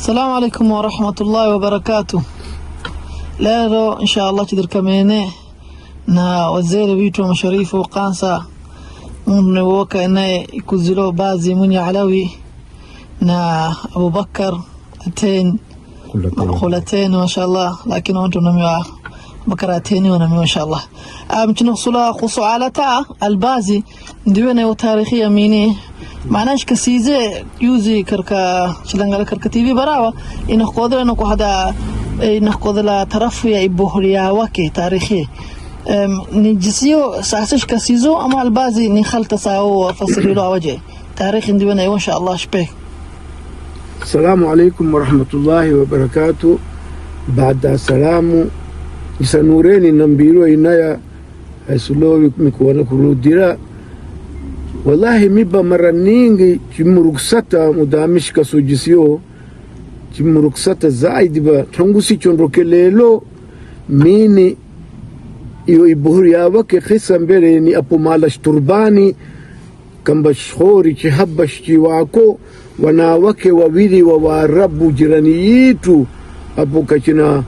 Assalamu alaikum warahmatullahi barakaatuh Leo insha Allah chidirkamene na wazere vitu wa masharifu kansa mune woka naye ikuzilo bazi mwenye Alawi na Abubakar ateen khulaten masha Allah lakini watu namwa بكراتيني وانا ما شاء الله ام آه، جنو صلا خصو على تاع البازي ديونا وتاريخيه ميني معناش كسيزه يوزي كركا شلنغلا كركا تي في براوا ان قودر انو هذا ان قودلا طرف يا ابوهريا وكي تاريخي ام نجسيو ساسش كسيزو اما البازي ني خلطه ساو فصل له وجه تاريخ ديونا وان شاء الله شبي السلام عليكم ورحمه الله وبركاته بعد السلام isanureni nambirwa inaya haisulowi mikuwana kurudira wallahi miba mara ningi chimuruksata mudamishika sujisiyo chimuruksata zaidi ba tongusi chondoke lelo mini iyo ibuhuri yabake khisa mbele ni apumala shturbani kamba shkhori chihaba shchi wako wanawake wawili wa waarabu jirani yitu apo kachina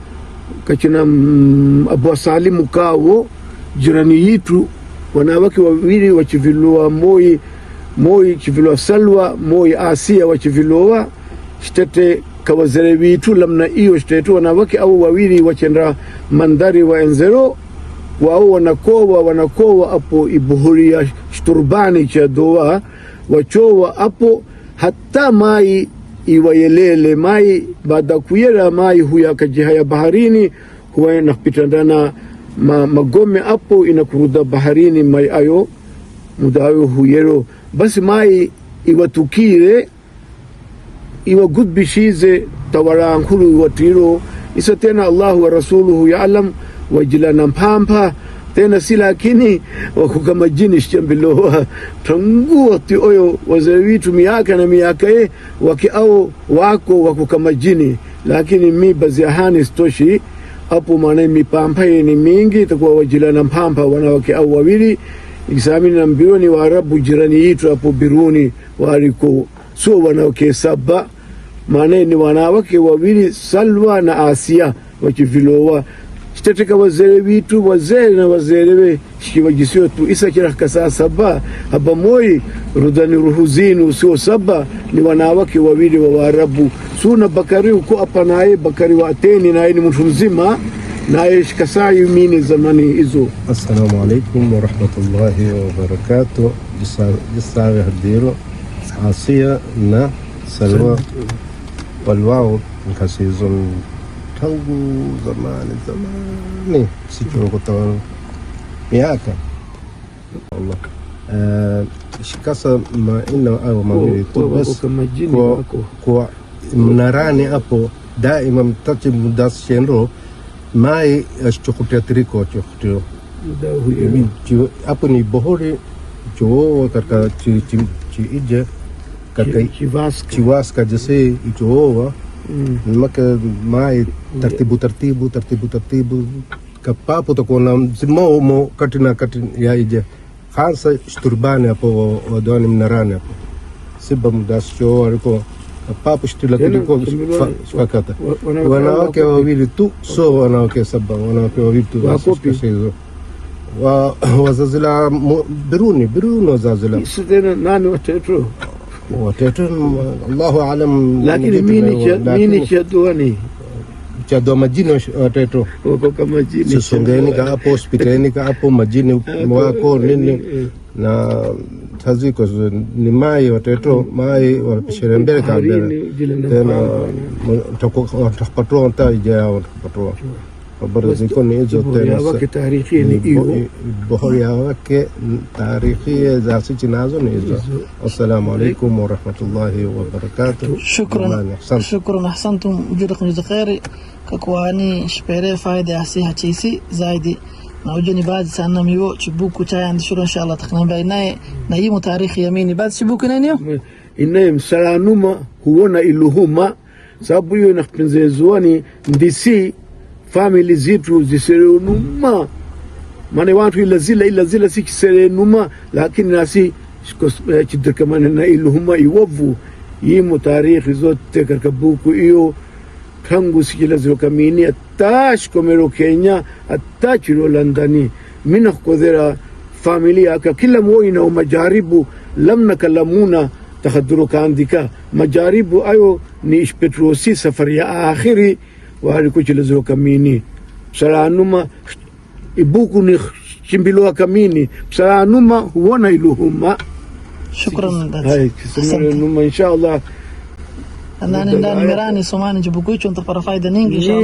kachina mm, abwasali mukavo jirani yitu wanawake wawili wachivilowa moi moi chivilowa salwa moi asia wachivilowa shtete kawazere vitu lamna iyo shtete wanawake au wawili wachenda mandhari enzero wao wanakowa wanakowa apo ibuhuria shturbani doa wachowa apo hata mai iwayelele mai baada kuyela mai huyakajiha ya baharini huwa nakupitandana ma, magome apo inakuruda baharini mai ayo muda ayo huyelo basi mai iwatukire iwagudbishize tawarankuru iwatiro isa tena Allahu wa rasuluhu yaalam wajilana mpampa tena si lakini wako kama jini shchambilowa tangua ti oyo wazee witu miaka na miaka e waki ao wako wako kama jini lakini mi baziahani stoshi apo maana mipampa ye ni mingi itakuwa wajilana mpampa wanawake au wawili ikisamini na mbio ni waarabu jirani yitu hapo biruni waliko sio wanawake saba maana ni wanawake wawili salwa na asia wachivilowa kitateka wazere vitu wazee na wazelewe shikiwajisiwe tu isa kirahka saa saba haba moyi rudhani ruhuzini usio saba ni wanawake wawili wa Waarabu suna Bakari uko hapa naye Bakari wa Ateni naye ni mtu mzima naye shikasaa yumini zamani hizo. Assalamu alaikum warahmatullahi wabarakatuh. Jisawe hadiro Asia na Salwa walwao nkasizon tangu zamani zamani, sichokota miaka Allah uh, shikasa manne au mawili tu bas kwa, kwa mnarani hapo daima mtachi mudas shenro mai ashchokutia triko chokutio hapo ni bohori choo katika chiije katika chivaska jese ichoowa mpaka mm, mae taratibu taratibu taratibu taratibu kapapo takuwa na msimamo kati na kati ya ija hasa shturbani hapo wadwani mnarani hapo siba mdascho walikuwa kapapo shtila kuliko fakata wanawake wawili tu so wanawake saba wanawake wawili tu hizo wa wazazila biruni biruni wazazila nani watoto watoto Allahu alam, lakini mimi cha duani chadua majini watoto Songeni hapo hospitalini hapo majini wako nini eh, eh. na taziko ni mai watoto mai wanapishira mbele kabla tena, mtakapatoa mtaija yao mtakapatoa برزنكم يجو تنس تاريخية إيو بهويا وك تاريخية زاسي جنازو نيجو السلام عليكم ورحمة الله وبركاته شكرا شكرا أحسنتم وجودكم جزاك خير ككواني شبيري فايدة أحسي تيسي زايدي نعوجني بعد سنة ميو تشبوكو تاي عند شروع إن شاء الله تخلين بيناي نايمو تاريخ يميني بعد تشبوكو نانيو نعم. إنهم سلانوما هو نا إلهما sababu hiyo inapendezewani ndisi family zetu zisirenuma, maana watu ilazila ilazila sikiserenuma, lakini nasi chidirikamana na eh, iluhuma iwavu yimo tarikhi zote katika buku iyo tangu sikilaziro kamini ata shikomero Kenya ata chilo Landani mina kukodhera familia yaka kila mwoina majaribu lamna kalamuna tahadhuru kaandika majaribu ayo ni ishpetrosi safari ya akhiri wali warikuchilizirwa kamini msala anuma ibuku ni chimbilwa kamini msala anuma huona iluhuma shukran dad numa inshaallah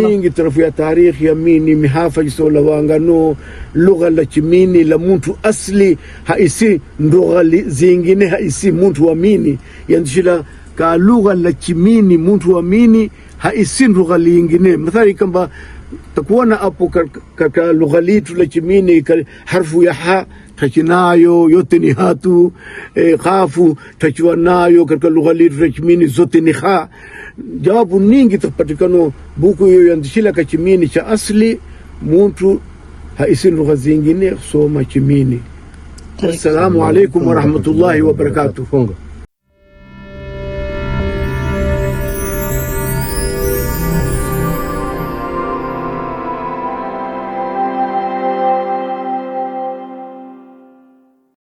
nyingi tarafu ya tarikhi ya mini jisola sola wangano lugha la chimini la muntu asli haisi ndugha zingine haisi muntu wa mini yanzishila ka lugha la chimini mtu amini haisinrugha liingine mathali kamba takuona apo katika lugha litu la chimini harfu ya ha tachinayo yote ni hatu e, khafu tachiwa nayo katika lugha litu la chimini zote ni ha. Jawabu ningi tapatikano buku hiyo yandishila ka chimini cha asli mtu haisi lugha zingine soma chimini. Assalamu alaikum warahmatullahi wabarakatuh.